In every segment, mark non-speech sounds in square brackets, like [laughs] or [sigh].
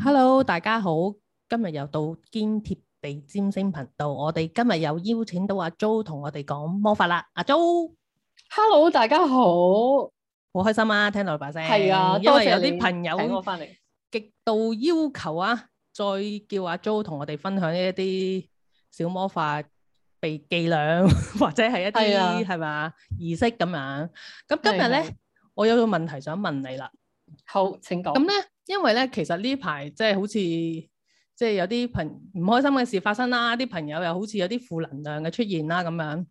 Hello，大家好，今日又到堅貼地占星頻道，我哋今日又邀請到阿 Jo 同我哋講魔法啦，阿 Jo，Hello，大家好，好開心啊，聽到你把聲，係啊，因為有啲朋友我返嚟極度要求啊，再叫阿 Jo 同我哋分享一啲小魔法秘伎倆，或者係一啲係嘛儀式咁樣，咁今日咧，啊、我有個問題想問你啦，好，請講，咁咧。因為咧，其實呢排即係好似即係有啲朋唔開心嘅事發生啦，啲朋友又好似有啲負能量嘅出現啦咁樣。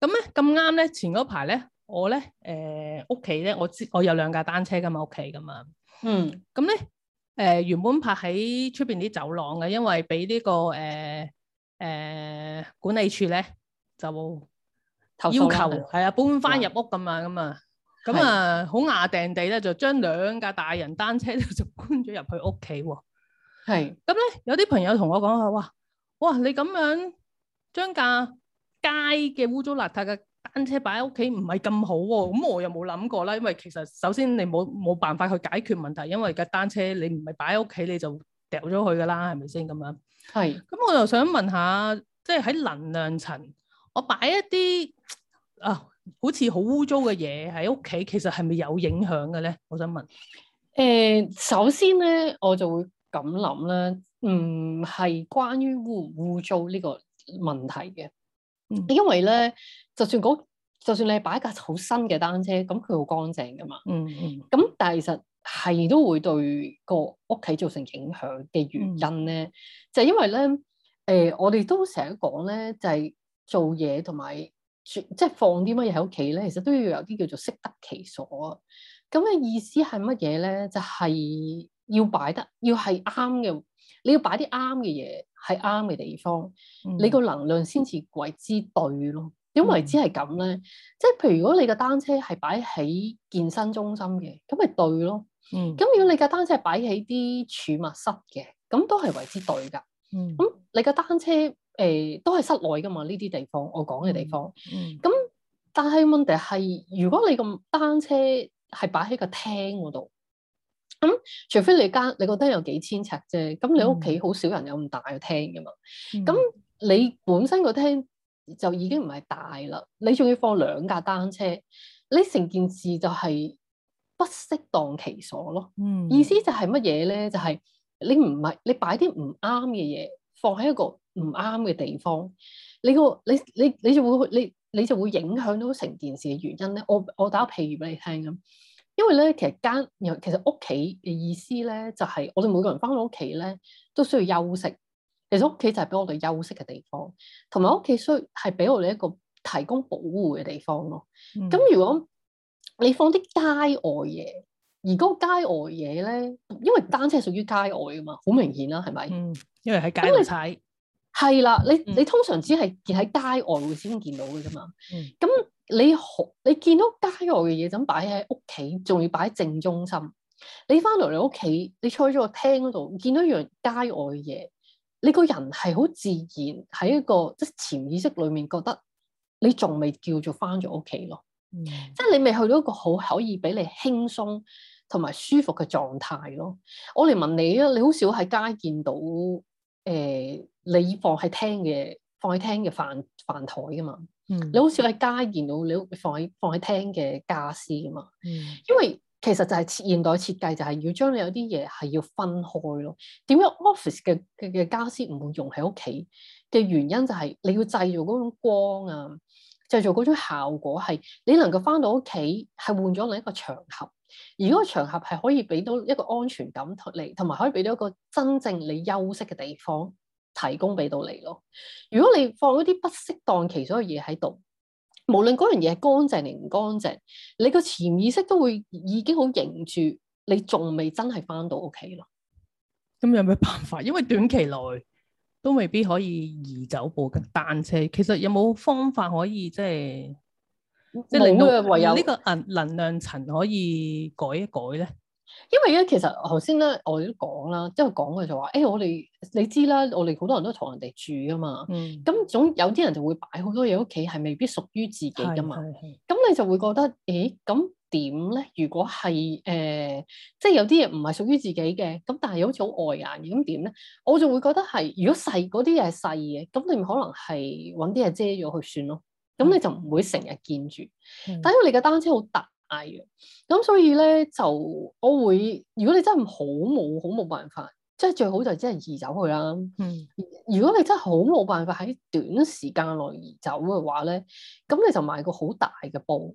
咁咧咁啱咧，前嗰排咧，我咧誒屋企咧，我、呃、知我有兩架單車噶嘛，屋企噶嘛。嗯。咁咧誒原本泊喺出邊啲走廊嘅，因為俾呢、這個誒誒、呃呃、管理處咧就要求係啊搬翻入屋咁樣噶嘛。咁啊，好牙、嗯是嗯、定地咧，就將兩架大人單車咧，就搬咗入去屋企喎。係是。咁咧、嗯，有啲朋友同我講話，哇哇，你咁樣將架街嘅污糟邋遢嘅單車擺喺屋企，唔係咁好喎。咁我又冇諗過啦，因為其實首先你冇冇辦法去解決問題，因為架單車你唔係擺喺屋企，你就掉咗佢噶啦，係咪先咁樣？係是。咁、嗯、我又想問下，即係喺能量層，我擺一啲啊～好似好污糟嘅嘢喺屋企，其實係咪有影響嘅咧？我想問，誒、呃，首先咧，我就會咁諗啦，唔係、嗯嗯、關於污污糟呢個問題嘅，嗯、因為咧，就算就算你擺架好新嘅單車，咁佢好乾淨噶嘛，嗯咁、嗯嗯嗯、但係其實係都會對個屋企造成影響嘅原因咧、嗯呃，就係因為咧，誒，我哋都成日講咧，就係做嘢同埋。即係放啲乜嘢喺屋企咧，其實都要有啲叫做適得其所。咁嘅意思係乜嘢咧？就係要擺得要係啱嘅，你要擺啲啱嘅嘢喺啱嘅地方，嗯、你個能量先至為之對咯。點為之係咁咧？嗯、即係譬如如果你嘅單車係擺喺健身中心嘅，咁咪對咯。嗯。咁如果你架單車係擺喺啲儲物室嘅，咁都係為之對㗎。嗯。咁你嘅單車。誒、呃、都係室內㗎嘛，呢啲地方我講嘅地方。咁、嗯嗯、但係問題係，如果你個單車係擺喺個廳嗰度，咁除非你間你覺得有幾千尺啫，咁你屋企好少人有咁大嘅廳㗎嘛。咁、嗯、你本身個廳就已經唔係大啦，你仲要放兩架單車，你成件事就係不適當其所咯。嗯、意思就係乜嘢咧？就係、是、你唔係你擺啲唔啱嘅嘢放喺一個唔啱嘅地方，你個你你你就會你你就會影響到成件事嘅原因咧。我我打個譬如俾你聽咁，因為咧其實間其實屋企嘅意思咧，就係、是、我哋每個人返到屋企咧都需要休息。其實屋企就係俾我哋休息嘅地方，同埋屋企需要係俾我哋一個提供保護嘅地方咯。咁、嗯、如果你放啲街外嘢，而嗰個街外嘢咧，因為單車屬於街外噶嘛，好明顯啦、啊，係咪？嗯，因為喺街度踩係啦，你你通常只係見喺街外會先見到嘅啫嘛。咁、嗯、你學你見到街外嘅嘢，咁擺喺屋企，仲要擺喺正中心。你翻到嚟屋企，你坐咗個廳嗰度，見到一樣街外嘅嘢，你個人係好自然喺一個即係潛意識裏面覺得你仲未叫做翻咗屋企咯。即係、嗯、你未去到一個好可以俾你輕鬆同埋舒服嘅狀態咯。我嚟問你啊，你好少喺街見到。誒、呃，你放喺廳嘅，放喺廳嘅飯飯台噶嘛。嗯，你好似喺街見到，你好放喺放喺廳嘅家私噶嘛。嗯，因為其實就係現代設計，就係要將你有啲嘢係要分開咯。點解 office 嘅嘅傢俬唔會用喺屋企嘅原因，就係你要製造嗰種光啊，製造嗰種效果係你能夠返到屋企係換咗另一個場合。而嗰個場合係可以俾到一個安全感嚟，同埋可以俾到一個真正你休息嘅地方提供俾到你咯。如果你放一啲不適當，其他嘅嘢喺度，無論嗰樣嘢係乾淨定唔乾淨，你個潛意識都會已經好認住，你仲未真係翻到屋企咯。咁有咩辦法？因為短期內都未必可以移走部單車。其實有冇方法可以即係？冇嘅，唯有呢個銀能，能量層可以改一改咧。因為咧，其實頭先咧，我哋都講啦，即係講佢就話：，誒，我哋你知啦，我哋好多人都同人哋住噶嘛。咁、嗯、總有啲人就會擺好多嘢屋企，係未必屬於自己噶嘛。咁你就會覺得，誒、欸，咁點咧？如果係誒、呃，即係有啲嘢唔係屬於自己嘅，咁但係又好似好礙眼，咁點咧？我就會覺得係，如果細嗰啲嘢係細嘅，咁你可能係揾啲嘢遮咗佢算咯。咁你就唔會成日見住，嗯、但因為你嘅單車好大嘅，咁所以咧就我會，如果你真係好冇好冇辦法，即係最好就係真係移走佢啦。嗯，如果你真係好冇辦法喺短時間內移走嘅話咧，咁你就買個好大嘅布，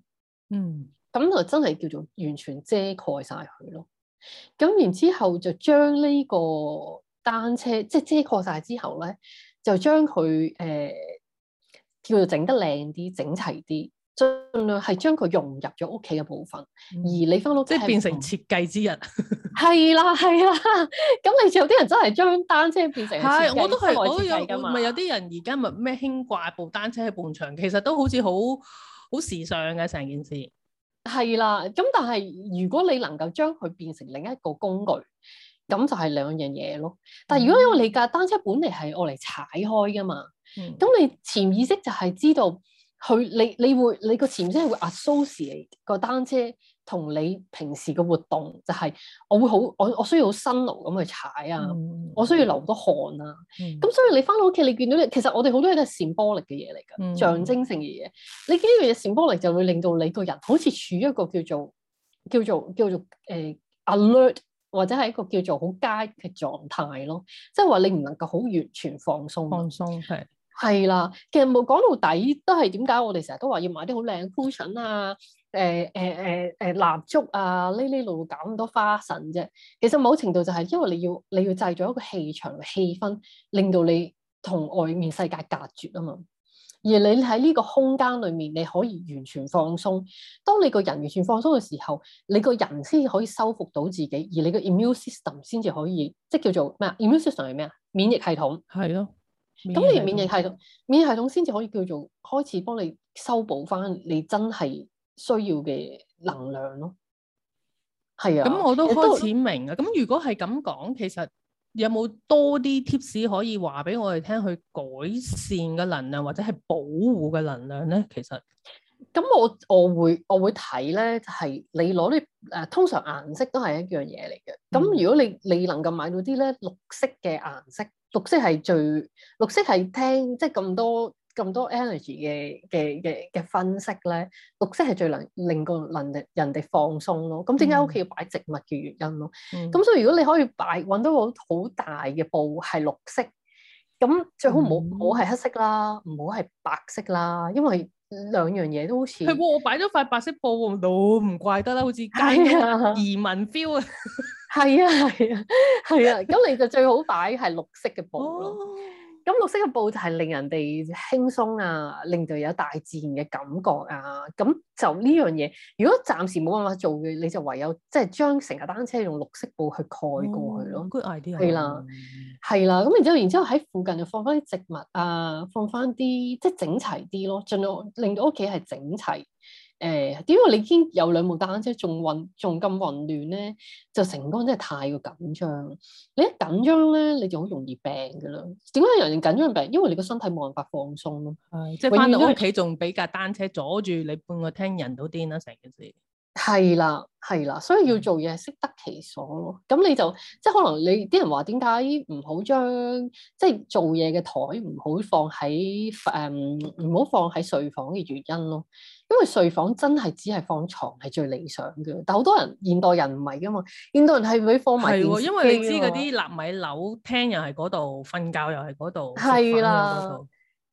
嗯，咁就真係叫做完全遮蓋晒佢咯。咁然之後就將呢個單車即係、就是、遮蓋晒之後咧，就將佢誒。呃叫整得靚啲、整齊啲，儘量係將佢融入咗屋企嘅部分。嗯、而你翻屋即係變成設計之人，係 [laughs] 啦、啊，係啦、啊。咁你有啲人真係將單車變成係我都係我有，唔係有啲人而家咪咩輕掛部單車喺半場，其實都好似好好時尚嘅成件事。係啦、啊，咁但係如果你能夠將佢變成另一個工具，咁就係兩樣嘢咯。但係如果因為你架單車本嚟係攞嚟踩開㗎嘛？嗯咁、嗯、你潛意識就係知道佢你你會你個潛意識會 associate 個單車同你平時嘅活動，就係、是、我會好我我需要好辛勞咁去踩啊，我需要、啊嗯、我需要流好多汗啊，咁、嗯、所以你翻到屋企你見到啲，其實我哋好多嘢都係 symbolic 嘅嘢嚟噶，嗯、象徵性嘅嘢。你見到嘢 symbolic 就會令到你個人好似處於一個叫做叫做叫做誒、呃、alert 或者係一個叫做好佳嘅狀態咯，即係話你唔能夠好完全放鬆，放鬆係。係啦，其實冇講到底都係點解我哋成日都話要買啲好靚嘅 cushion 啊，誒誒誒誒蠟燭啊，呢呢路搞咁多花神啫。其實某程度就係因為你要你要製造一個氣場氣氛，令到你同外面世界隔絕啊嘛。而你喺呢個空間裡面，你可以完全放鬆。當你個人完全放鬆嘅時候，你個人先至可以修復到自己，而你個 immune system 先至可以即係叫做咩啊？immune system 係咩啊？免疫系統係咯。咁你免疫系統，免疫系統先至可以叫做開始幫你修補翻你真係需要嘅能量咯。係、嗯、啊，咁我都開始明啊。咁也如果係咁講，其實有冇多啲 tips 可以話俾我哋聽去改善嘅能量或者係保護嘅能量咧？其實。咁我我會我會睇咧，係、就係、你攞啲誒，通常顏色都係一樣嘢嚟嘅。咁如果你你能夠買到啲咧綠色嘅顏色，綠色係最綠色係聽即係咁多咁多 energy 嘅嘅嘅嘅分析咧，綠色係、就是、最能令個能力人哋放鬆咯。咁點解屋企要擺植物嘅原因咯？咁、嗯、所以如果你可以擺揾到個好大嘅布係綠色，咁最好唔好唔好係黑色啦，唔好係白色啦，因為。兩樣嘢都好似係喎，我擺咗塊白色布，唔到，唔怪得啦，好似街移民 feel 啊，係啊係啊係啊，咁、啊啊啊、 [laughs] 你就最好擺係綠色嘅布咯。哦咁綠色嘅布就係令人哋輕鬆啊，令到有大自然嘅感覺啊。咁就呢樣嘢，如果暫時冇辦法做嘅，你就唯有即係將成架單車用綠色布去蓋過去咯。Good idea。係啦，係啦。咁然之後，然之後喺附近就放翻啲植物啊，放翻啲即係整齊啲咯，盡量令到屋企係整齊。誒點解你已經有兩部單車，仲混仲咁混亂咧？就成日真係太過緊張，你一緊張咧，你就好容易病噶啦。點解人要緊張病？因為你個身體冇辦法放鬆咯。係，即係返到屋企仲俾架單車阻住你半個廳，人都癲啦成件事。係啦，係啦，所以要做嘢係適得其所咯。咁你就即係可能你啲人話點解唔好將即係做嘢嘅枱唔好放喺誒唔好放喺睡房嘅原因咯。因為睡房真係只係放床係最理想嘅，但好多人現代人唔係噶嘛，現代人係會放埋電視機，係喎，因為你知嗰啲納米樓廳又係嗰度瞓覺又係嗰度，係啦。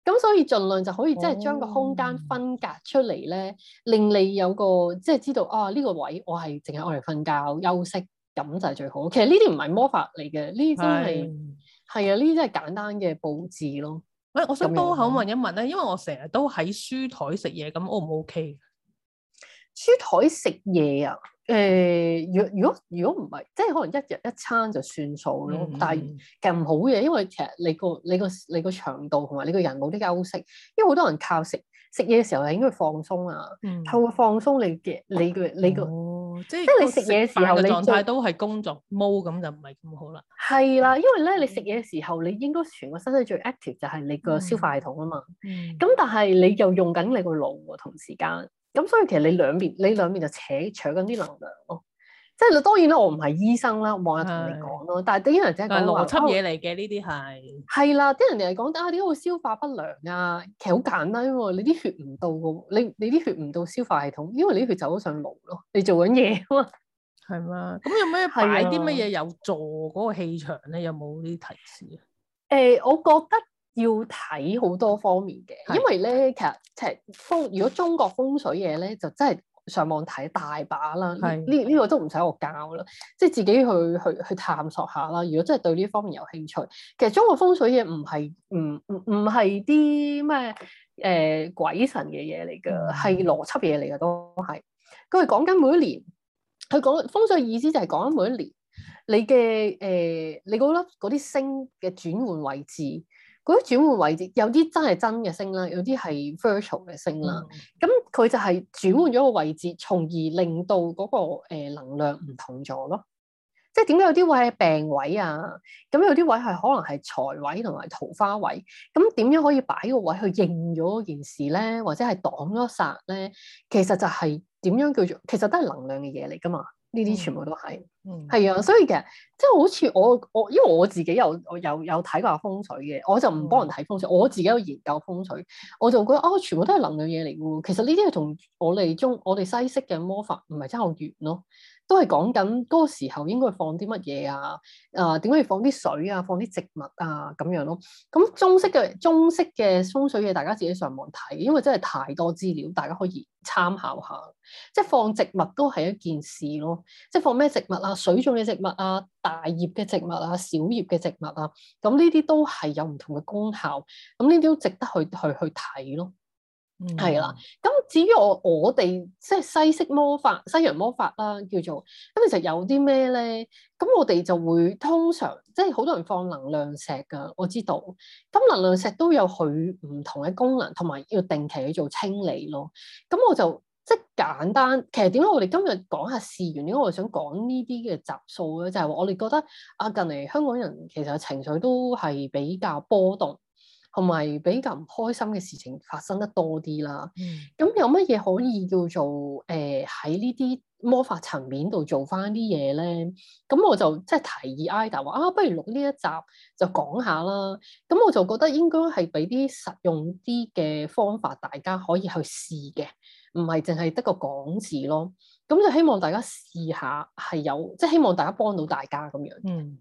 咁所以儘量就可以即係將個空間分隔出嚟咧，哦、令你有個即係知道啊呢、呢個位我係淨係愛嚟瞓覺休息，咁就係最好。其實呢啲唔係魔法嚟嘅，呢啲真係係啊，呢啲係簡單嘅佈置咯。哎、我想多口問一問咧，因為我成日都喺書枱食嘢，咁 O 唔 O K？書枱食嘢啊，誒、呃，若如果如果唔係，即係可能一日一餐就算數咯。嗯、但係唔好嘅，因為其實你個你個你個腸道同埋你個人冇啲休息。因為好多人靠食食嘢嘅時候，係應該放鬆啊，透過、嗯、放鬆你嘅你個你個。你即係你食嘢嘅時候，你狀態都係工作 mode，咁就唔係咁好啦。係啦、啊，因為咧、嗯、你食嘢嘅時候，你應該全個身體最 active 就係你個消化系統啊嘛。咁、嗯、但係你就用緊你個腦喎，同時間，咁所以其實你兩邊你兩邊就扯搶緊啲能量咯。即係當然啦，我唔係醫生啦，往日同你講咯。但係啲人即係講話，係邏輯嘢嚟嘅呢啲係係啦，啲人哋講啊，點解會消化不良啊？其實好簡單喎、啊，你啲血唔到嘅，你你啲血唔到消化系統，因為你啲血走咗上腦咯，你做緊嘢啊嘛。係嘛？咁有咩擺啲乜嘢有助嗰個氣場咧？有冇啲提示啊？誒的、呃，我覺得要睇好多方面嘅，因為咧其實即係風，如果中國風水嘢咧，就真係。上網睇大把啦，呢呢是、呢個都唔使我教啦，即係自己去去去探索下啦。如果真係對呢方面有興趣，其實中國風水嘢唔係唔唔唔係啲咩誒鬼神嘅嘢嚟㗎，係邏輯嘢嚟㗎，都係佢係講緊每一年，佢講風水嘅意思就係講緊每一年你嘅誒、呃、你嗰粒嗰啲星嘅轉換位置。嗰啲轉換位置有啲真係真嘅星啦，有啲係 virtual 嘅星啦。咁佢、嗯、就係轉換咗個位置，從而令到嗰個能量唔同咗咯。即係點解有啲位係病位啊？咁有啲位係可能係財位同埋桃花位。咁點樣可以擺個位去應咗件事咧？或者係擋咗煞咧？其實就係點樣叫做其實都係能量嘅嘢嚟㗎嘛。呢啲全部都係，係啊、嗯，所以嘅，實即係好似我我，因為我自己有我有有睇過風水嘅，我就唔幫人睇風水，嗯、我自己有研究風水，我就覺得哦，全部都係能量嘢嚟噶，其實呢啲係同我哋中我哋西式嘅魔法唔係真係好遠咯。都係講緊嗰時候應該放啲乜嘢啊？啊，點解要放啲水啊？放啲植物啊？咁樣咯。咁中式嘅中式嘅風水嘢，大家自己上網睇，因為真係太多資料，大家可以參考下。即係放植物都係一件事咯。即係放咩植物啊？水種嘅植物啊，大葉嘅植物啊，小葉嘅植物啊。咁呢啲都係有唔同嘅功效。咁呢啲都值得去去去睇咯。係、嗯、啦，咁。至於我我哋即係西式魔法、西洋魔法啦，叫做咁，其實有啲咩咧？咁我哋就會通常即係好多人放能量石㗎，我知道。咁能量石都有佢唔同嘅功能，同埋要定期去做清理咯。咁我就即係簡單，其實點解我哋今日講下事源？點解我哋想講呢啲嘅集數咧？就係話我哋覺得啊，近嚟香港人其實情緒都係比較波動。同埋比較唔開心嘅事情發生得多啲啦。咁、嗯、有乜嘢可以叫做誒喺呢啲魔法層面度做翻啲嘢咧？咁我就即係提議 Ida 話啊，不如錄呢一集就講下啦。咁我就覺得應該係俾啲實用啲嘅方法，大家可以去試嘅，唔係淨係得個講字咯。咁就希望大家試下，係有即係希望大家幫到大家咁樣。嗯，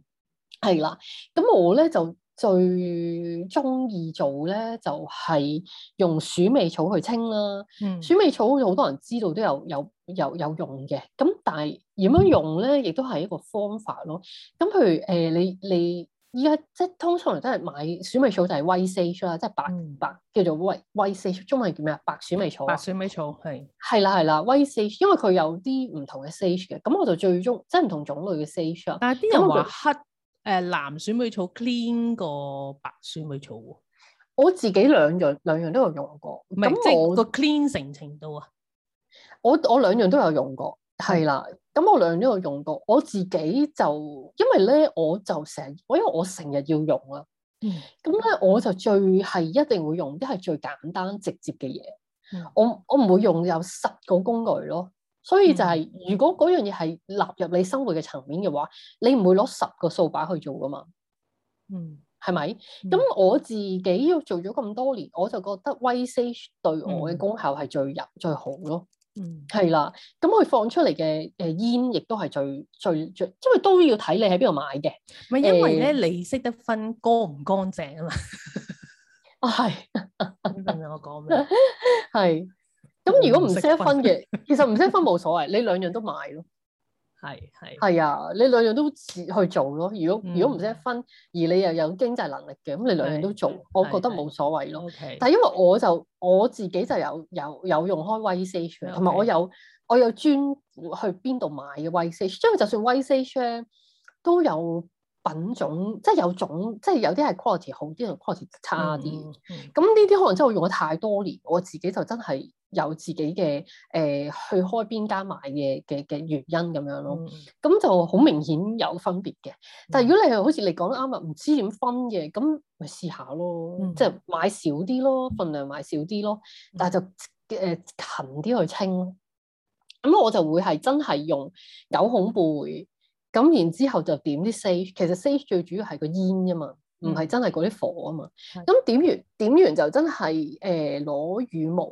係啦。咁我咧就。最中意做咧，就係、是、用鼠尾草去清啦。嗯、鼠尾草有好多人知道，都有有有有用嘅。咁但係點樣用咧，亦都係一個方法咯。咁譬如誒、呃，你你依家即係通常都係買鼠尾草就係 White Sage 啦，即係白、嗯、白叫做 White, White Sage，中文叫咩啊？白鼠尾草。白鼠尾草係。係啦係啦，White Sage，因為佢有啲唔同嘅 sage 嘅。咁我就最中即係唔同種類嘅 sage。但係啲人話因為 黑。誒、呃、藍鼠尾草 clean 過白鼠尾草，我自己兩樣兩樣都有用過，唔係是我即係個 clean 成程度啊，我我兩樣都有用過，係啦，咁、嗯、我兩樣都有用過，我自己就因為咧我就成我因為我成日要用啦，咁咧、嗯、我就最係一定會用啲係最簡單直接嘅嘢、嗯，我我唔會用有十個工具咯。所以就係、是，如果嗰樣嘢係納入你生活嘅層面嘅話，你唔會攞十個掃把去做噶嘛。嗯，係咪？咁我自己要做咗咁多年，我就覺得 White Sage 對我嘅功效係最入最好咯。嗯，係啦。咁佢放出嚟嘅誒煙，亦都係最最最，因為都要睇你喺邊度買嘅。咪因為咧，啊、你識得分乾唔乾淨啊嘛。 [laughs] 啊，係明唔明我講咩？係。 [laughs] [laughs] 咁、嗯、如果唔識得分嘅，其實唔識分冇所謂，你兩樣都買咯。係係係啊，你兩樣都自去做咯。如果如果唔識得分，嗯、而你又有經濟能力嘅，咁、嗯、你、嗯、兩樣都做，我覺得冇所謂咯。但因為我就我自己就有有，有用開 White Sage 同埋我有我有，我有專門去邊度買嘅 White Sage，因為就算 White Sage 都有品種，即係有種，即係有啲係 quality 好啲，同 quality 差啲。咁呢啲可能真係我用咗太多年，我自己就真係。有自己嘅誒、呃，去開邊間買嘢嘅嘅原因咁樣咯，咁、嗯、就好明顯有分別嘅。但係如果你係好似你講啱啊，唔知點分嘅，咁咪試下咯，嗯、即係買少啲咯，份量買少啲咯，嗯、但係就誒、呃、近啲去清咯。咁我就會係真係用九孔背，咁然之後就點啲 sage，其實 sage 最主要係個煙啫嘛。唔係真係嗰啲火啊嘛，咁的點完點完就真係誒攞羽毛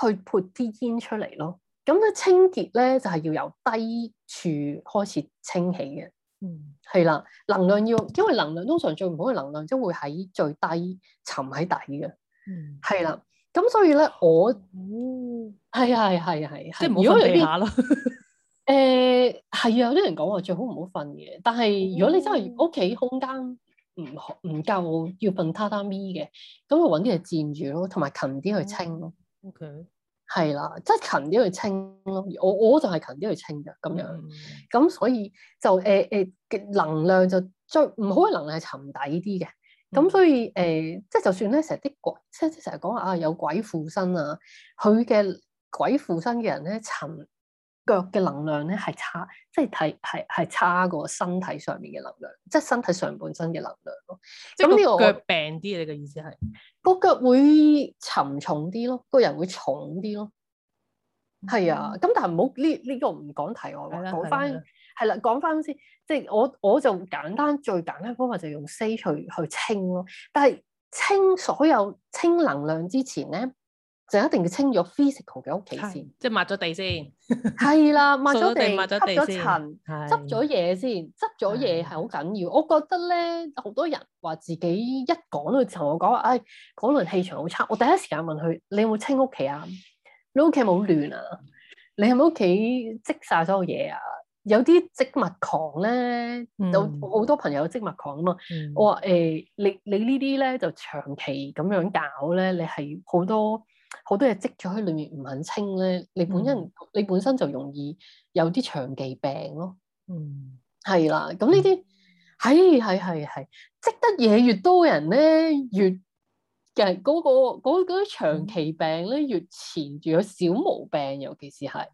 去撥啲煙出嚟咯。咁咧清潔咧就係、是、要由低處開始清起嘅。嗯，係啦，能量要因為能量通常最唔好嘅能量即係會喺最低沉喺底嘅。嗯，係啦，咁所以咧我，係係係係，即係唔好分地下咯。誒，係啊、嗯呃，有啲人講話最好唔好瞓嘅，但係如果你真係屋企空間。唔學唔夠要瞓榻榻米嘅，咁就搵啲嘢墊住咯，同埋勤啲去清咯。O K，係啦，即係勤啲去清咯。我我就係勤啲去清嘅，咁樣。咁、mm hmm. 所以就誒誒、呃，能量就最唔好嘅能量係沉底啲嘅。咁、mm hmm. 所以誒、呃，即係就算咧，成日啲鬼，即即成日講話啊，有鬼附身啊，佢嘅鬼附身嘅人咧沉。腳嘅能量咧，係差，即係睇，係係差過身體上面嘅能量，即、就、係、是、身體上本身嘅能量咯。咁呢、嗯，這個腳病啲，你嘅意思係？個腳、嗯、會沉重啲咯，個人會重啲咯。係、嗯、啊，咁但係唔好呢，呢個唔講題外，講翻係啦，講翻回、啊啊、先。即係我我就簡單最簡單方法就用 C 去去清咯。但係清所有清能量之前咧。就一定要清咗 physical 嘅屋企先，即係抹咗地先。係啦，抹咗地，抹咗地，地先，執咗嘢先，執咗嘢係好緊要。的我覺得咧，好多人話自己一講到同我講話，哎，嗰輪氣場好差。我第一時間問佢，你有冇清屋企啊？你屋企冇亂啊？你係咪屋企積晒所有嘢啊？有啲植物狂咧，有好、嗯、多朋友植物狂啊嘛。嗯、我話誒、哎，你你呢啲咧就長期咁樣搞咧，你係好多。好多嘢積咗喺裏面唔肯清咧，你本人你本身就容易有啲長期病咯，嗯，係 [noise] 啦，咁呢啲係係係係積得嘢越多人咧越嘅嗰啲長期病咧越纏住有小毛病，尤其是係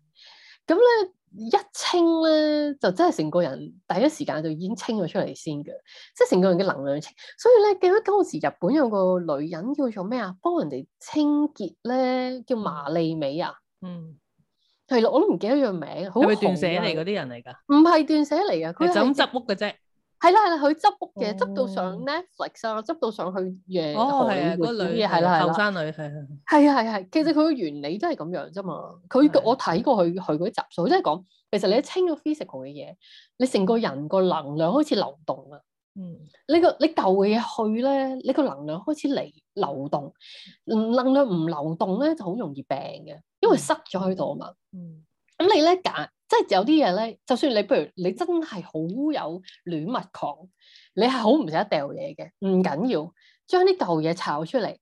咁咧。一清咧就真係成個人第一時間就已經清咗出嚟先嘅，即係成個人嘅能量清。所以咧記得當時日本有個女人叫做咩啊，幫人哋清潔咧叫麻利美啊。嗯，係咯，我都唔記得佢個名。係咪斷捨離嗰啲人嚟噶？唔係斷捨離㗎，佢就咁執屋嘅啫。係啦，係啦，佢執屋嘅，執、嗯、到上 Netflix 啊，執到上去嘅，嗰、哦、女係啦，係啦，後生女係係係，係啊，係係，其實佢嘅原理都係咁樣啫嘛。佢的我睇過佢佢嗰啲集數，即係講，其實你清咗 physical 嘅嘢，你成個人個能量開始流動啊。嗯。你個你舊嘅嘢去咧，你個能量開始嚟流動，能量唔流動咧就好容易病嘅，因為塞咗喺度啊嘛。嗯。咁、嗯嗯、你咧解？即係有啲嘢咧，就算你譬如你真係好有戀物狂，你係好唔捨得掉嘢嘅，唔緊要，將啲舊嘢炒出嚟，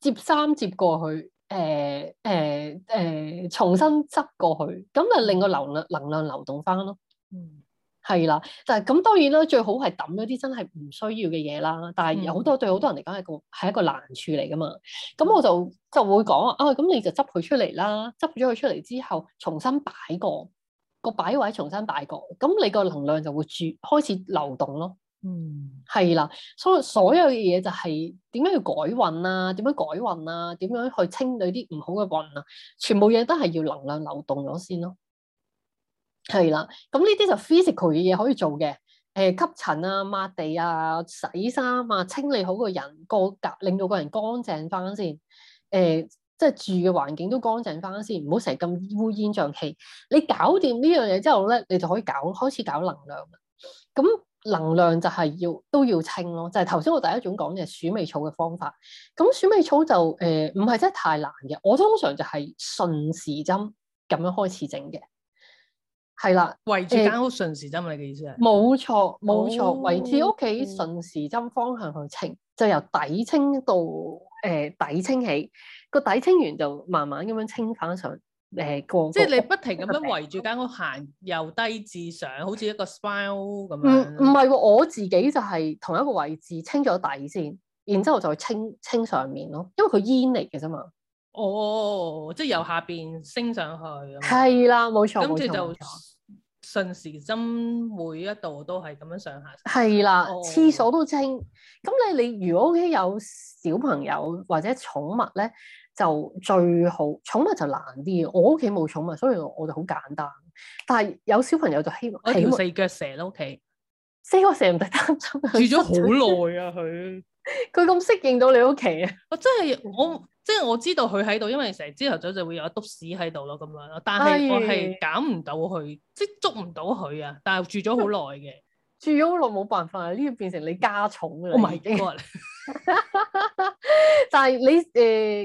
接衫接過去，誒誒誒，重新執過去，咁啊令個流量能量流動翻咯。嗯，係啦，但係咁當然啦，最好係抌咗啲真係唔需要嘅嘢啦。但係有好多、嗯、對好多人嚟講係個係一個難處嚟㗎嘛。咁我就、嗯、就會講啊，咁你就執佢出嚟啦，執咗佢出嚟之後，重新擺過。個擺位重新擺過，咁你個能量就會住開始流動咯。嗯，係啦，所以所有嘅嘢就係點樣去改運啊？點樣改運啊？點樣去清理啲唔好嘅運啊？全部嘢都係要能量流動咗先咯。係啦，咁呢啲就 physical 嘅嘢可以做嘅，誒、呃、吸塵啊、抹地啊、洗衫啊、清理好個人個格，令到個人乾淨返先，誒、呃。嗯即係住嘅環境都乾淨翻先，唔好成日咁烏煙瘴氣。你搞掂呢樣嘢之後咧，你就可以搞開始搞能量啦。咁能量就係要都要清咯，就係頭先我第一種講嘅鼠尾草嘅方法。咁鼠尾草就誒唔係真係太難嘅，我通常就係順時針咁樣開始整嘅。係啦，圍住間屋順時針，你嘅意思係？冇錯冇錯，錯哦、圍住屋企順時針方向去清，就由底清到。誒、呃、底清起，個底清完就慢慢咁樣清翻上誒個，呃、過過即係你不停咁樣圍住間屋行，吧由低至上，好似一個 spiral 咁樣。唔唔係喎，我自己就係同一個位置清咗底先，然之後就清清上面咯，因為佢煙嚟嘅啫嘛。哦，即係由下邊升上去。係啦、嗯，冇錯冇錯。順時針每一度都係咁樣上下。係啦的，哦、廁所都清。咁你你如果屋企有小朋友或者寵物咧，就最好。寵物就難啲。我屋企冇寵物，所以我就好簡單。但係有小朋友就希望。我條四腳蛇咧屋企。Okay、四腳蛇唔使擔心。住咗好耐啊佢。佢咁適應到你屋企啊？我真係我。即係我知道佢喺度，因為成日朝頭早就會有篤屎喺度咯咁樣。但係我係減唔到佢，即係捉唔到佢啊！但係住咗好耐嘅，住咗好耐冇辦法啊！呢啲變成你加重啊！唔係已經？但係你誒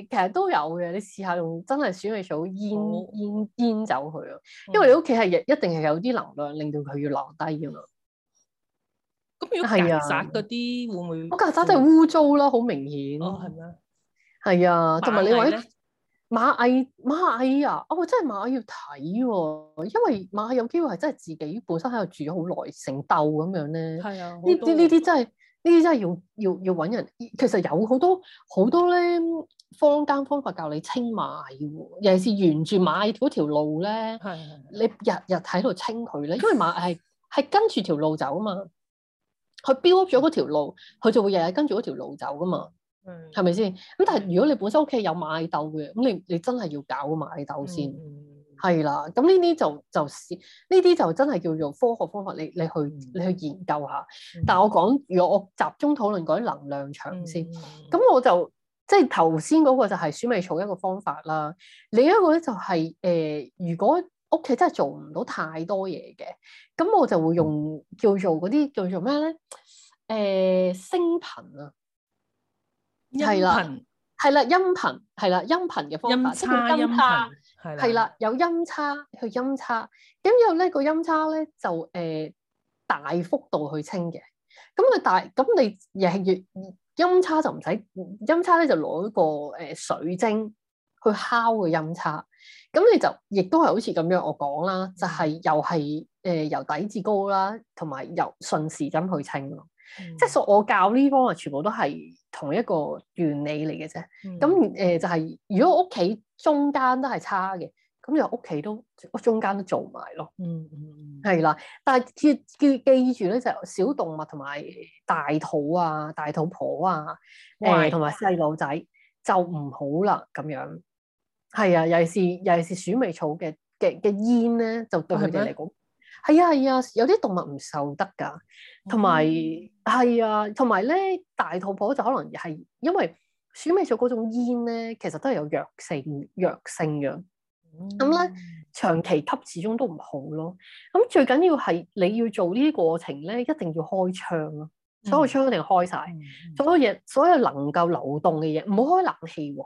其實都有嘅，你試下用真係鼠尾草煙、oh. 煙煙走佢啊！因為你屋企係一定係有啲能量令到佢要留低㗎嘛。咁、 [music] 嗯、如果曱甴嗰啲會唔會？我曱甴真係污糟咯，好明顯。哦、oh.，係咩？係啊，同埋、哎、你話螞蟻螞蟻啊，哦，真係螞蟻要睇喎、哦，因為螞蟻有機會係真係自己本身喺度住咗好耐，成竇咁樣咧。係啊，呢啲呢啲真係呢啲真係要要要搵人。其實有好多好多咧坊間方法教你清螞蟻、哦，尤其是沿住螞蟻嗰條路咧，的你日日喺度清佢咧，因為螞蟻係係 [laughs] 跟住條路走啊嘛，佢標咗嗰條路，佢就會日日跟住嗰條路走噶嘛。係咪先？咁但係如果你本身屋企有埋豆嘅，咁你你真係要搞埋豆先，係啦、mm。咁呢啲就就是呢啲就真係叫做科學方法，你你去你去研究下。Mm hmm. 但係我講，如果我集中討論嗰啲能量場先，咁、mm hmm. 我就即係頭先嗰個就係鼠尾草一個方法啦。另一個咧就係、是、誒、呃，如果屋企真係做唔到太多嘢嘅，咁我就會用叫做嗰啲叫做咩咧？誒、呃，聲頻啊。係啦，係啦，音頻係啦，音頻嘅方法，叉即係音叉，係啦，有音叉去音叉，咁然後咧個音叉咧就誒、呃、大幅度去清嘅，咁佢大，咁你亦係越音叉就唔使音叉咧就攞個誒水晶去敲個音叉，咁你就亦都係好似咁樣我講啦，就係、是、又係誒、呃、由底至高啦，同埋由順時針去清咯，嗯、即係我教呢方面全部都係。同一個原理嚟嘅啫，咁誒、嗯呃、就係、係、如果屋企中間都係差嘅，咁又屋企都屋中間都做埋咯、嗯。嗯嗯嗯，係啦，但係要要記住咧，就係、小動物同埋大肚啊、大肚婆啊，同埋細路仔就唔好啦，咁樣。係啊，尤其是尤其是鼠尾草嘅嘅嘅煙咧，就對佢哋嚟講。係啊係啊，有啲動物唔受得噶，同埋係啊，同埋咧大肚婆就可能係因為鼠尾草嗰種煙咧，其實都係有藥性、藥性嘅。咁咧、嗯、長期吸始終都唔好咯。咁最緊要係你要做呢啲過程咧，一定要開窗咯，所有窗一定要開晒，所有嘢所有能夠流動嘅嘢，唔好開冷氣喎。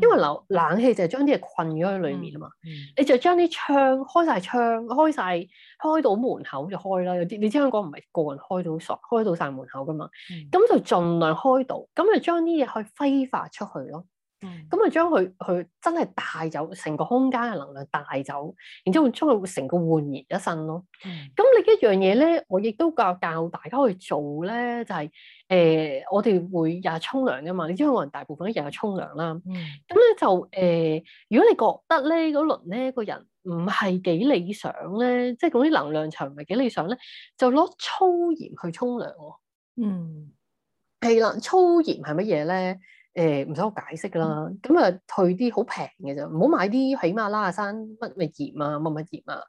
因為冷冷氣就係將啲嘢困咗喺裏面啊嘛，嗯、你就將啲窗開晒，窗，開晒開，開到門口就開啦。有啲你知香港唔係個人開到索，開到晒門口㗎嘛，咁、嗯、就盡量開到，咁就將啲嘢去揮發出去咯。咁啊，將佢佢真係帶走成個空間嘅能量帶走，然之後將佢成個煥然一新咯。咁另、嗯、一樣嘢咧，我亦都教教大家去做咧，就係、是、誒、呃，我哋會日日沖涼噶嘛。你知香港人大部分一日日沖涼啦。咁咧、嗯、就誒、呃，如果你覺得咧嗰輪咧個人唔係幾理想咧，即係嗰啲能量場唔係幾理想咧，就攞粗鹽去沖涼。嗯，係啦、嗯，粗鹽係乜嘢咧？誒，唔使我解釋㗎啦，咁啊，去啲好平嘅啫，唔好買啲喜馬拉雅山乜乜鹽啊，乜乜鹽啊。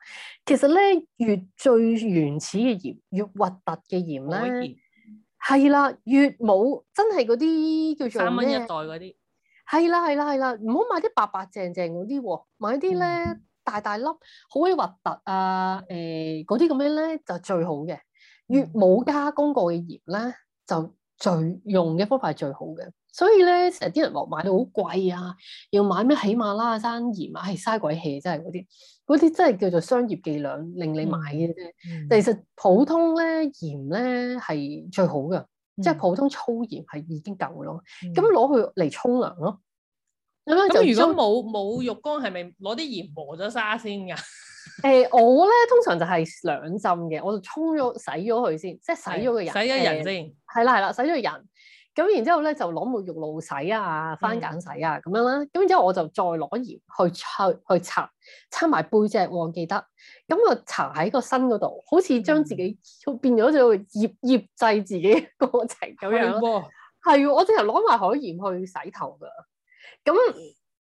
其實咧，越最原始嘅鹽，越核突嘅鹽咧，係啦，越冇真係嗰啲叫做三蚊一袋嗰啲，係啦係啦係啦，唔好買啲白白淨淨嗰啲，買啲咧、嗯、大大粒好鬼核突啊！誒，嗰啲咁樣咧就最好嘅，越冇加工過嘅鹽咧就最用嘅方法係最好嘅。所以咧，成日啲人話買到好貴啊，要買咩喜馬拉雅山鹽啊，係嘥鬼氣，真係嗰啲，嗰啲真係叫做商業伎倆，令你買嘅啫。嗯、但其實普通咧鹽咧係最好噶，嗯、即係普通粗鹽係已經夠咯。咁攞去嚟沖涼咯。咁樣，咁如果冇冇浴缸，係咪攞啲鹽磨咗沙先噶？誒、 [laughs] 欸，我咧通常就係兩浸嘅，我就沖咗洗咗佢先，即係洗咗個人。洗咗人先。係啦係啦，洗咗個人。咁然之後咧，就攞沐浴露洗啊、番梘洗啊咁樣啦。咁然之後，我就再攞鹽去去去擦擦埋背脊，忘記得咁個擦喺個身嗰度，好似將自己變咗就醃醃製自己嘅過程咁樣咯。係喎，我成日攞埋海鹽去洗頭噶。咁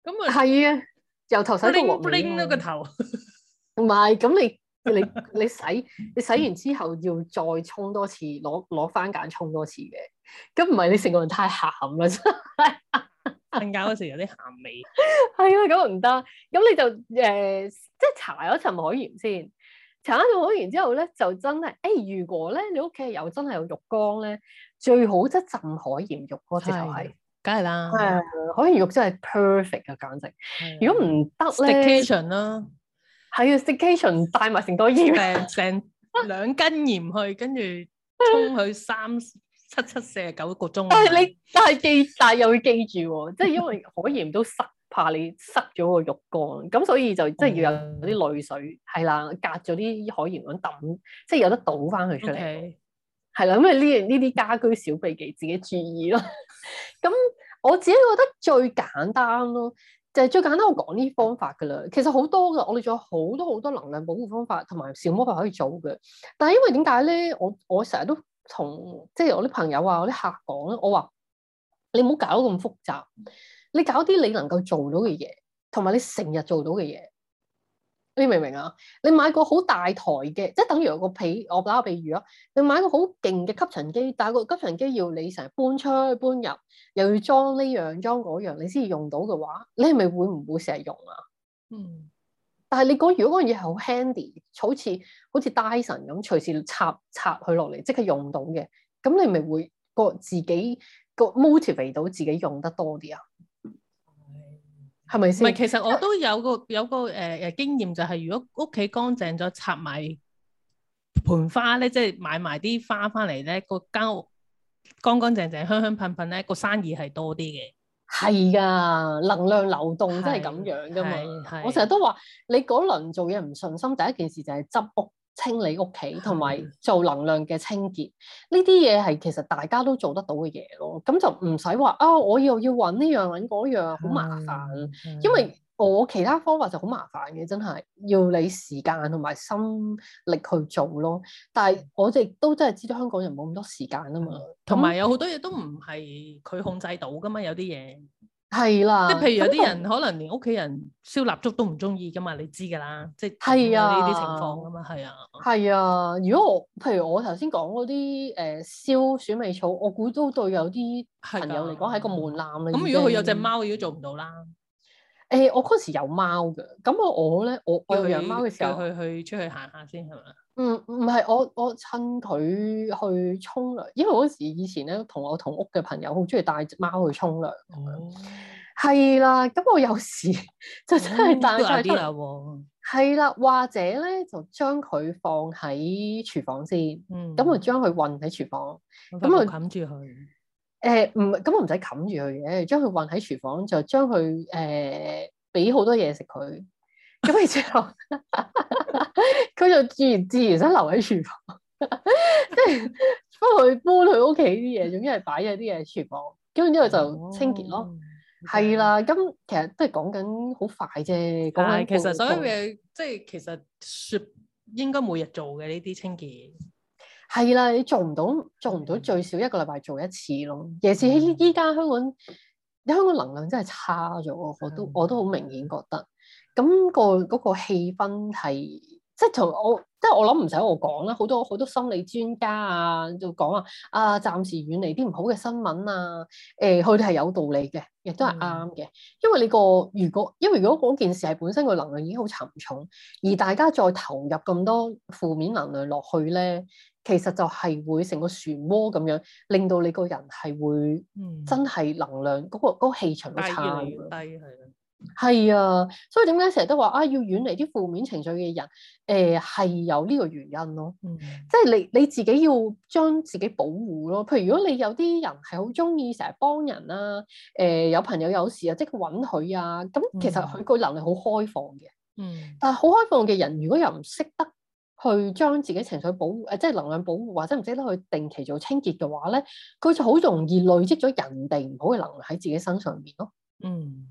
咁啊，係啊，由頭洗到尾。拎拎咗個頭。唔係，咁你。你 [laughs] [laughs] 你洗，你洗完之後要再沖多次，攞攞番梘沖多次嘅。咁唔係你成個人太鹹啦，真係瞓 [laughs] [laughs] 覺嗰時有啲鹹味。係 [laughs] 啊，咁唔得。咁你就誒、呃，即係搽一層海鹽先，搽咗層海鹽之後咧，就真係誒、哎。如果咧你屋企有真係有浴缸咧，最好即係浸海鹽浴嗰隻就係，梗係啦。海鹽浴真係 perfect 嘅簡直。 [laughs] 如果唔得咧 vacation 啦。 [laughs] [laughs] 係啊 s i t a t i o n 帶埋成多鹽，成兩斤鹽去，跟住沖去三 [laughs] 七七四十九個鐘。但係你，但係記， [laughs] 但係又要記住喎，即係因為海鹽都塞，怕你塞咗個浴缸，咁所以就即係要有啲濾水，係啦、嗯，隔咗啲海鹽咁揼，即係有得倒翻佢出嚟。係啦 Okay.，咁啊呢呢啲家居小秘技，自己注意咯。咁 [laughs] 我自己覺得最簡單咯。就最簡單，我講呢啲方法㗎啦。其實好多噶，我哋仲有好多好多能量保護方法同埋小魔法可以做嘅。但係因為點解咧？我我成日都同即係我啲朋友啊、我啲客講，我話你唔好搞咁複雜，你搞啲你能夠做到嘅嘢，同埋你成日做到嘅嘢。你明唔明啊？你買個好大台嘅，即係等於個被，我打個比喻啊，你買個好勁嘅吸塵機，但係個吸塵機要你成日搬出去搬入，又要裝呢、這、樣、個、裝嗰、那、樣、個，你先至用到嘅話，你係咪會唔會成日用啊？嗯，但係你講、那個、如果嗰樣嘢係好 handy，好似好似戴森咁，隨時插插佢落嚟即刻用到嘅，咁你咪會個自己個,自己個 motivate 到自己用得多啲啊？係咪先？唔係，其實我都有個有個誒誒、呃、經驗，就係如果屋企乾淨咗，插埋盆花咧，即係買埋啲花翻嚟咧，個間屋乾乾淨淨、香香噴噴咧，個生意係多啲嘅。係噶，能量流動真係咁樣噶嘛。我成日都話你嗰輪做嘢唔順心，第一件事就係執屋。清理屋企同埋做能量嘅清潔，呢啲嘢係其實大家都做得到嘅嘢咯。咁就唔使話啊，我又要搵呢樣搵嗰樣，好麻煩。的因為我其他方法就好麻煩嘅，真係要你時間同埋心力去做咯。但係我亦都真係知道香港人冇咁多時間啊嘛，同埋的那有好多嘢都唔係佢控制到㗎嘛，有啲嘢。係啦，即係譬如有啲人這種可能連屋企人燒蠟燭都唔中意噶嘛，你知噶啦，即係呢啲情況噶嘛，係啊，係啊。如果我譬如我頭先講嗰啲誒燒鼠尾草，我估都對有啲朋友嚟講係個門檻嚟。咁、嗯、是如果佢有隻貓，如果做唔到啦。誒、欸，我嗰時有貓嘅，咁我我咧，我我養貓嘅時候，去去，去出去行下先係嘛？唔唔係，我我趁佢去沖涼，因為嗰時以前咧，同我同屋嘅朋友好中意帶隻貓去沖涼咁樣，係啦、嗯。咁我有時 [laughs] 就真係帶晒啲翻，係啦，或者咧就將佢放喺廚房先，咁、嗯、我將佢韞喺廚房，咁樣冚住佢。誒，唔咁、呃、我唔使冚住佢嘅，將佢運喺廚房，就將佢誒俾好多嘢食佢，咁然之後佢 [laughs] [laughs] 就自然自然想留喺廚房，即係幫佢搬佢屋企啲嘢，總之係擺咗啲嘢喺廚房，咁然之後就清潔咯，係啦，咁其實都係講緊好快啫，講對過其實所有嘢，即係過其實雪應該每日做嘅呢啲清潔。係啦，你做唔到，做唔到最少一個禮拜做一次咯。尤其喺依家香港，嗯、你香港能量真係差咗，我都我都好明顯覺得。咁、那個嗰、那個氣氛係，即係同我，即、就、係、是、我諗唔使我講啦，好多好多心理專家啊，就講話啊，暫時遠離啲唔好嘅新聞啊，誒、啊，佢哋係有道理嘅，亦都係啱嘅。嗯、因為你個如果，因為如果嗰件事係本身個能量已經好沉重，而大家再投入咁多負面能量落去咧。其實就係會成個漩渦咁樣，令到你個人係會真係能量嗰、嗯嗰個嗰、嗰個氣場都差咯。低係啊，所以點解成日都話啊，要遠離啲負面情緒嘅人？誒、呃、係有呢個原因咯，嗯、即係你你自己要將自己保護咯。譬如如果你有啲人係好中意成日幫人啊，誒、呃、有朋友有事啊，即係揾佢啊，咁其實佢個能力好開放嘅。嗯，但係好開放嘅、嗯嗯、人，如果又唔識得，去將自己情緒保護，誒、呃，即係能量保護，或者唔識得去定期做清潔嘅話咧，佢就好容易累積咗人哋唔好嘅能量喺自己身上面咯。嗯，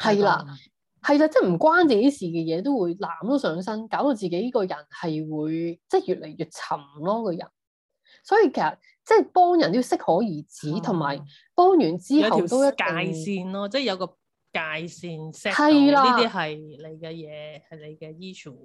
係啦的，係啦、嗯，即係唔關自己事嘅嘢都會攬到上身，搞到自己個人係會即係、就是、越嚟越沉咯個人。所以其實即係、就是、幫人都要適可而止，同埋、嗯、幫完之後都一定界線咯，即係有個界線 set 到呢啲係你嘅嘢，係你嘅 issue。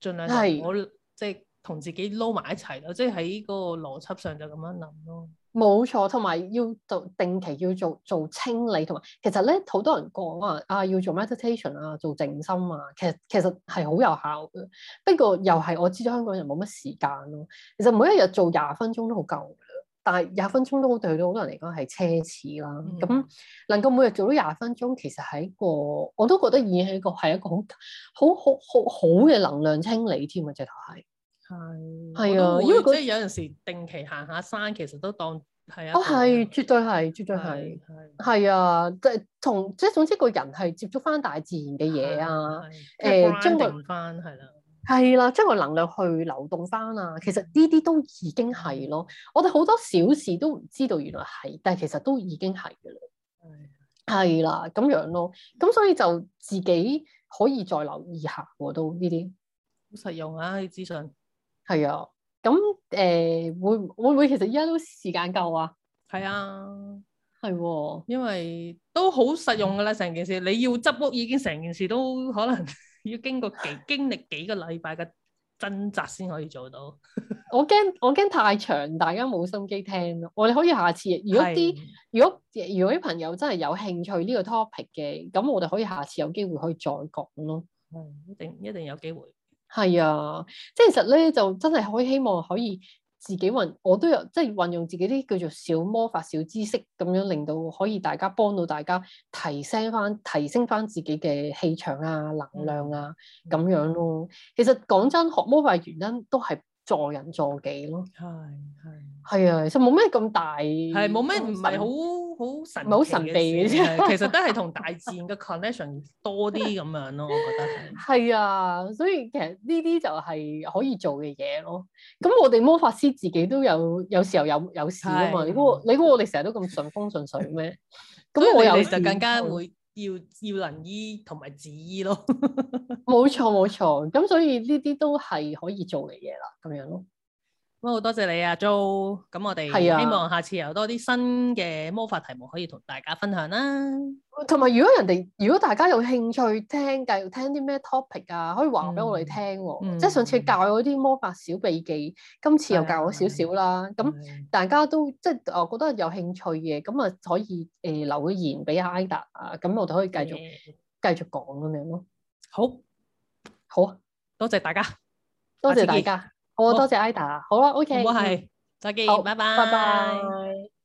盡量係我即係同自己撈埋一齊咯，即係喺嗰個邏輯上就咁樣諗咯。冇錯，同埋要做定期要做做清理，同埋其實咧好多人講啊，啊要做 meditation 啊，做靜心啊，其實其實係好有效嘅。不過又係我知道香港人冇乜時間咯。其實每一日做廿分鐘都好夠。但係廿分鐘都對到好多好多人嚟講係奢侈啦。咁、嗯、能夠每日做到廿分鐘，其實係一個我都覺得已經係一個係一個好好好好好嘅能量清理添是啊！直頭係係係啊，因為即係有陣時定期行下山，其實都當係、哦、啊，哦係絕對係絕對係係啊，即係同即係總之個人係接觸翻大自然嘅嘢啊，誒將佢翻係啦。係啦，即係個能量去流動翻啊！其實呢啲都已經係咯，我哋好多小事都唔知道原來係，但係其實都已經係嘅啦。係啦，哎呀，咁樣咯，咁所以就自己可以再留意下喎，啊。都呢啲好實用啊喺資訊。係啊，咁誒，呃、會會唔會其實依家都時間夠啊？係啊，係喎，嗯，因為都好實用噶啦，成件事，嗯、你要執屋已經成件事都可能。要經過幾經歷幾個禮拜嘅掙扎先可以做到。 [laughs] 我驚我驚太長，大家冇心機聽咯。我哋可以下次，如果啲是如果如果啲朋友真係有興趣呢個 topic 嘅，咁我哋可以下次有機會可以再講咯。係、嗯，一定一定有機會。係啊，即係其實咧，就真係可以希望可以。自己運，我都有即係運用自己啲叫做小魔法、小知識咁樣，令到可以大家幫到大家提升返、提升返自己嘅氣場啊、能量啊咁、嗯、樣咯。其實講真，學魔法原因都係助人助己咯。係係係啊，其實冇咩咁大，係冇咩唔係好。好神，神秘嘅， [laughs] 其實都係同大自然嘅 connection 多啲咁樣咯， [laughs] 我覺得係。係啊，所以其實呢啲就係可以做嘅嘢咯。咁我哋魔法師自己都有有時候有有事啊嘛。的你估我你估我哋成日都咁順風順水咩？ [laughs] 那麼 所以你，我有你就更加會要 [laughs] 要能醫同埋自醫咯。冇錯冇錯，咁所以呢啲都係可以做嘅嘢啦，咁樣咯。好多謝你啊，Jo。咁我哋希望下次有多啲新嘅魔法題目可以同大家分享啦。同埋，如果人哋如果大家有興趣聽，繼續聽啲咩 topic 啊，可以話俾我哋聽、啊。嗯、即係上次教我啲魔法小秘技，嗯嗯、今次又教咗少少啦。咁大家都即係我覺得有興趣嘅，咁啊可以誒留個言俾阿 Ida 啊。咁我哋可以繼續繼續講咁樣咯。好，好多謝大家，多謝大家。好，多謝 IDA。好啦，OK，唔該，係，再見，拜拜，拜拜。